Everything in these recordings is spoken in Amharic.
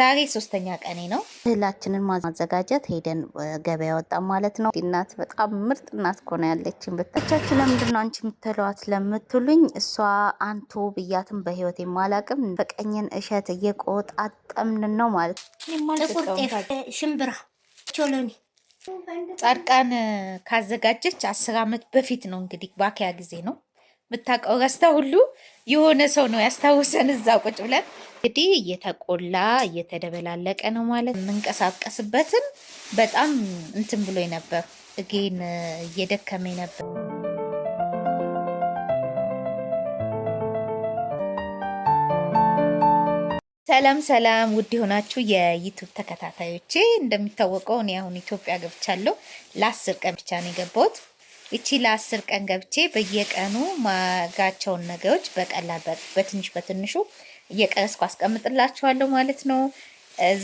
ዛሬ ሶስተኛ ቀኔ ነው። እህላችንን ማዘጋጀት ሄደን ገበያ ወጣ ማለት ነው። እናት በጣም ምርጥ እናት ኮነ ያለችን በታቻችን ለምንድን ነው አንቺ የምትለዋት ለምትሉኝ እሷ አንቱ ብያትም በህይወት የማላቅም በቀኝን እሸት እየቆጣጠምን ነው ማለት ሽምብራ፣ ቾሎኒ ጻድቃን ካዘጋጀች አስር አመት በፊት ነው እንግዲህ ባኪያ ጊዜ ነው የምታውቀው ገዝታ ሁሉ የሆነ ሰው ነው ያስታውሰን። እዛ ቁጭ ብለን እንግዲህ እየተቆላ እየተደበላለቀ ነው ማለት የምንቀሳቀስበትን በጣም እንትን ብሎ ነበር፣ እጌን እየደከመ ነበር። ሰላም ሰላም፣ ውድ የሆናችሁ የዩቱብ ተከታታዮቼ እንደሚታወቀው እኔ አሁን ኢትዮጵያ ገብቻለሁ። ለአስር ቀን ብቻ ነው የገባሁት። እቺ ለአስር ቀን ገብቼ በየቀኑ ማጋቸውን ነገሮች በቀላል በትንሽ በትንሹ እየቀረስኩ አስቀምጥላችኋለሁ ማለት ነው።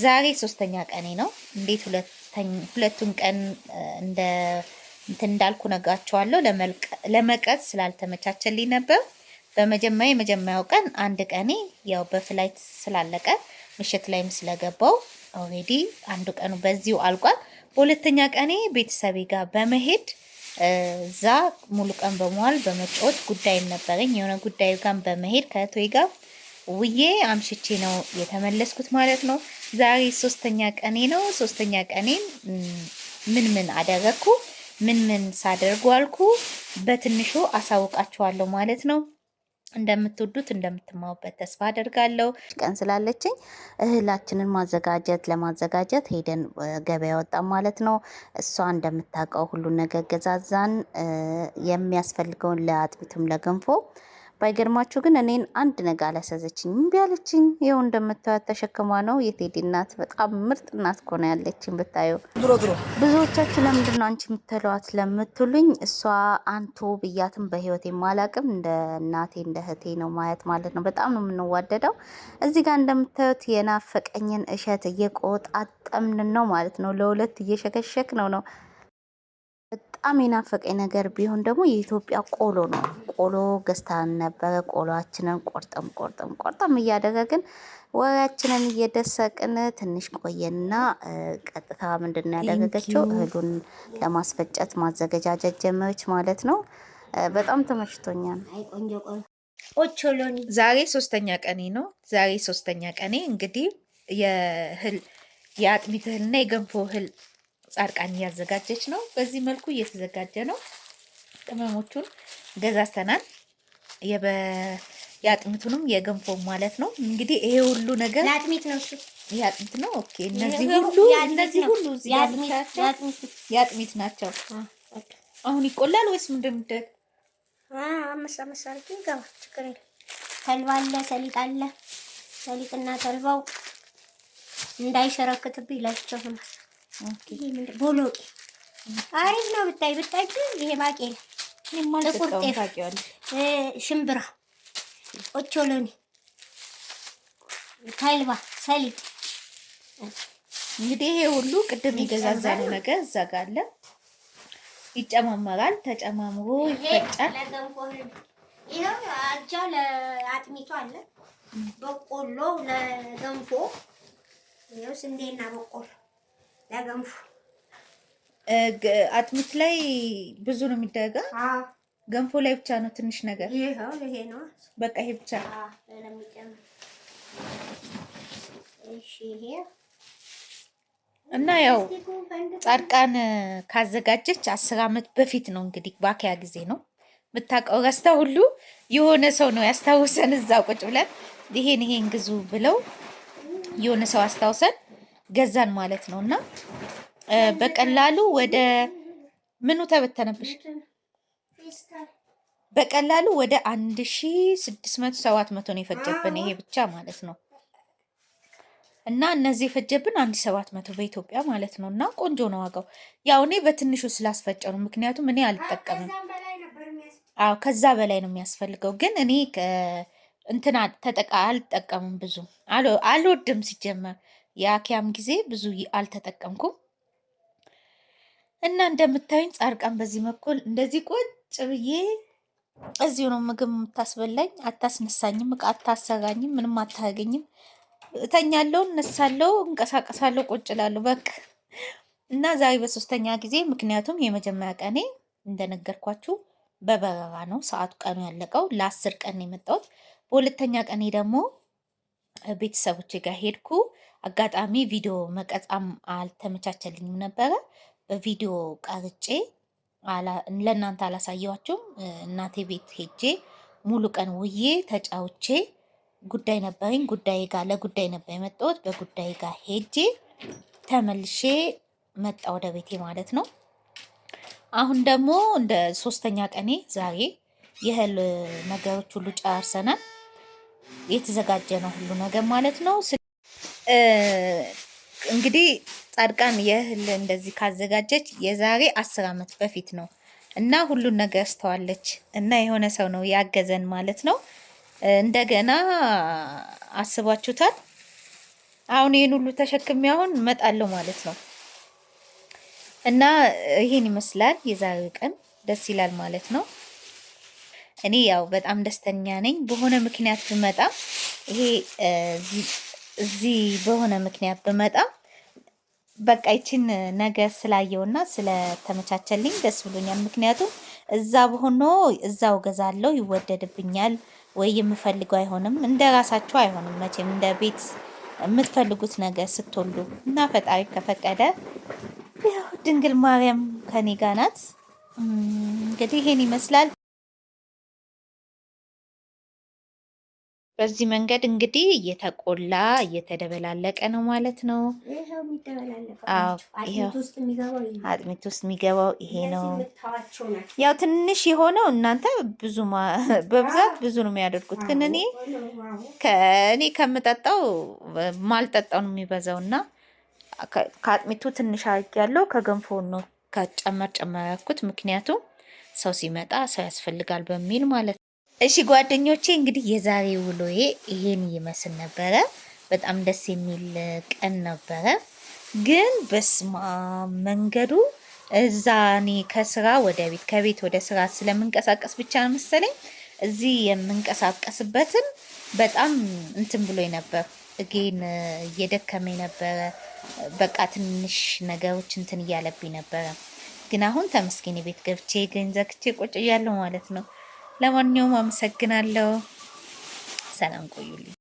ዛሬ ሶስተኛ ቀኔ ነው። እንዴት ሁለቱን ቀን እንደ እንትን እንዳልኩ ነግራችኋለሁ። ለመቅረጽ ስላልተመቻቸልኝ ነበር። በመጀመሪያ የመጀመሪያው ቀን አንድ ቀኔ ያው በፍላይት ስላለቀ ምሽት ላይም ስለገባው ኦልሬዲ አንዱ ቀኑ በዚሁ አልቋል። በሁለተኛ ቀኔ ቤተሰቤ ጋር በመሄድ እዛ ሙሉ ቀን በመዋል በመጫወት ጉዳይም ነበረኝ። የሆነ ጉዳይ ጋር በመሄድ ከቶይ ጋር ውዬ አምሽቼ ነው የተመለስኩት ማለት ነው። ዛሬ ሶስተኛ ቀኔ ነው። ሶስተኛ ቀኔ ምን ምን አደረግኩ፣ ምን ምን ሳደርጉ አልኩ፣ በትንሹ አሳውቃችኋለሁ ማለት ነው። እንደምትወዱት እንደምትማውበት ተስፋ አደርጋለሁ። ቀን ስላለችኝ እህላችንን ማዘጋጀት ለማዘጋጀት ሄደን ገበያ ወጣም ማለት ነው። እሷ እንደምታውቀው ሁሉን ነገር ገዛዛን የሚያስፈልገውን ለአጥቢቱም ለገንፎ ባይገርማችሁ ግን እኔን አንድ ነገር አላሳዘችኝ። እምቢ አለችኝ። ይኸው እንደምታዩት ተሸክሟ ነው። የቴዲ እናት በጣም ምርጥ እናት ኮነ ያለችን ብታየው። ብዙዎቻችሁ ለምንድን ነው አንቺ የምትለዋት ለምትሉኝ፣ እሷ አንቱ ብያትም በህይወት የማላቅም እንደ እናቴ እንደ እህቴ ነው ማየት ማለት ነው። በጣም ነው የምንዋደደው። እዚህ ጋር እንደምታዩት የናፈቀኝን እሸት እየቆጣጠምን ነው ማለት ነው። ለሁለት እየሸከሸክ ነው ነው በጣም የናፈቀኝ ነገር ቢሆን ደግሞ የኢትዮጵያ ቆሎ ነው። ቆሎ ገዝታን ነበረ። ቆሎችንን ቆርጠም ቆርጠም ቆርጠም እያደረግን ወሬያችንን እየደሰቅን ትንሽ ቆየና ቀጥታ ምንድን ነው ያደረገችው እህሉን ለማስፈጨት ማዘገጃጀት ጀመረች ማለት ነው። በጣም ተመችቶኛል። ዛሬ ሶስተኛ ቀኔ ነው። ዛሬ ሶስተኛ ቀኔ እንግዲህ የእህል የአጥሚት እህልና የገንፎ እህል ጻድቃን እያዘጋጀች ነው። በዚህ መልኩ እየተዘጋጀ ነው። ቅመሞቹን ገዛዝተናል። የአጥሚቱንም የገንፎ ማለት ነው። እንግዲህ ይሄ ሁሉ ነገር የአጥሚት ነው እሱ የአጥሚት ነው። ኦኬ እነዚህ ሁሉ እነዚህ ሁሉ እዚህ የአጥሚት ናቸው። አሁን ይቆላል ወይስ ምንድን የሚደረግ? አመሳ መሳ አድርጌ ገባ። ችግር የለም። ተልባ አለ፣ ሰሊጥ አለ። ሰሊጥና ተልባው እንዳይሸረክትብኝ ይላቸው ቦሎቄ አሪፍ ነው ብታይ ብታይ። ይሄ ባቄላ ጥቁር ጤፍ፣ ሽምብራ፣ ኦቾሎኒ፣ ተልባ፣ ሰሊጥ እንግዲህ ይሄ ሁሉ ቅድም ይገዛዛሉ ነገር እዛ ጋ አለ። ይጨማመራል፣ ተጨማምሮ ይፈጫል። ይሄው አጃ ለአጥሚቱ አለ፣ በቆሎ ለገንፎ ስንዴና በቆሎ አጥሚት ላይ ብዙ ነው የሚደረገው ገንፎ ላይ ብቻ ነው ትንሽ ነገር። በቃ ይሄ ብቻ እና ያው ጻድቃን ካዘጋጀች አስር አመት በፊት ነው እንግዲህ ባኪያ ጊዜ ነው የምታውቀው። ረስታ ሁሉ የሆነ ሰው ነው ያስታውሰን። እዛ ቁጭ ብለን ይሄን ይሄን ግዙ ብለው የሆነ ሰው አስታውሰን ገዛን ማለት ነው። እና በቀላሉ ወደ ምኑ ተበተነብሽ በቀላሉ ወደ አንድ ሺ ስድስት መቶ ሰባት መቶ ነው የፈጀብን ይሄ ብቻ ማለት ነው። እና እነዚህ የፈጀብን አንድ ሰባት መቶ በኢትዮጵያ ማለት ነው። እና ቆንጆ ነው ዋጋው። ያው እኔ በትንሹ ስላስፈጨው ነው፣ ምክንያቱም እኔ አልጠቀምም። አዎ ከዛ በላይ ነው የሚያስፈልገው፣ ግን እኔ እንትን ተጠቃ አልጠቀምም ብዙ አልወድም ሲጀመር የአኪያም ጊዜ ብዙ አልተጠቀምኩም እና እንደምታዩኝ ጻርቃን በዚህ በኩል እንደዚህ ቁጭ ብዬ እዚሁ ነው ምግብ የምታስበላኝ። አታስነሳኝም፣ እቃ አታሰጋኝም፣ ምንም አታገኝም። እተኛለሁ፣ እነሳለሁ፣ እንቀሳቀሳለሁ፣ ቁጭ እላለሁ። በቃ እና ዛሬ በሶስተኛ ጊዜ ምክንያቱም የመጀመሪያ ቀኔ እንደነገርኳችሁ በበረራ ነው ሰዓቱ ቀኑ ያለቀው። ለአስር ቀን የመጣሁት በሁለተኛ ቀኔ ደግሞ ቤተሰቦቼ ጋር ሄድኩ። አጋጣሚ ቪዲዮ መቀጻም አልተመቻቸልኝም ነበረ። በቪዲዮ ቀርጬ ለእናንተ አላሳየዋችሁም። እናቴ ቤት ሄጄ ሙሉ ቀን ውዬ ተጫውቼ ጉዳይ ነበረኝ። ጉዳይ ጋር ለጉዳይ ነበር የመጣሁት። በጉዳይ ጋር ሄጄ ተመልሼ መጣ ወደ ቤቴ ማለት ነው። አሁን ደግሞ እንደ ሶስተኛ ቀኔ ዛሬ የእህል ነገሮች ሁሉ ጨርሰናል። የተዘጋጀ ነው ሁሉ ነገር ማለት ነው። እንግዲህ ጻድቃን የእህል እንደዚህ ካዘጋጀች የዛሬ አስር ዓመት በፊት ነው እና ሁሉን ነገር ስተዋለች እና የሆነ ሰው ነው ያገዘን ማለት ነው። እንደገና አስባችሁታል። አሁን ይህን ሁሉ ተሸክሜ አሁን እመጣለሁ ማለት ነው እና ይህን ይመስላል የዛሬው ቀን ደስ ይላል ማለት ነው። እኔ ያው በጣም ደስተኛ ነኝ። በሆነ ምክንያት ብመጣ ይሄ እዚህ በሆነ ምክንያት ብመጣ በቃ ይችን ነገር ስላየውና ስለተመቻቸልኝ ደስ ብሎኛል። ምክንያቱም እዛ በሆኖ እዛው ገዛለው ይወደድብኛል ወይ የምፈልገው አይሆንም። እንደ ራሳቸው አይሆንም መቼም እንደ ቤት የምትፈልጉት ነገር ስትወልዱ እና ፈጣሪ ከፈቀደ ያው ድንግል ማርያም ከኔ ጋር ናት። እንግዲህ ይሄን ይመስላል። በዚህ መንገድ እንግዲህ እየተቆላ እየተደበላለቀ ነው ማለት ነው። አጥሚት ውስጥ የሚገባው ይሄ ነው። ያው ትንሽ የሆነው እናንተ ብዙ በብዛት ብዙ ነው የሚያደርጉት፣ ግን እኔ ከእኔ ከምጠጣው ማልጠጣው ነው የሚበዛው እና ከአጥሚቱ ትንሽ አርግ ያለው ከገንፎ ነው ከጨመር ጨመር ምክንያቱም ሰው ሲመጣ ሰው ያስፈልጋል በሚል ማለት ነው። እሺ ጓደኞቼ እንግዲህ የዛሬ ውሎዬ ይሄን ይመስል ነበረ። በጣም ደስ የሚል ቀን ነበረ። ግን በስማ መንገዱ እዛ እኔ ከስራ ወደ ቤት ከቤት ወደ ስራ ስለምንቀሳቀስ ብቻ ነው መሰለኝ እዚህ የምንቀሳቀስበትን በጣም እንትን ብሎ ነበር። እጌን እየደከመ ነበረ። በቃ ትንሽ ነገሮች እንትን እያለብኝ ነበረ። ግን አሁን ተመስገን ቤት ገብቼ ገኝ ቁጭ እያለሁ ማለት ነው። ለማንኛውም አመሰግናለሁ። ሰላም ቆዩልኝ።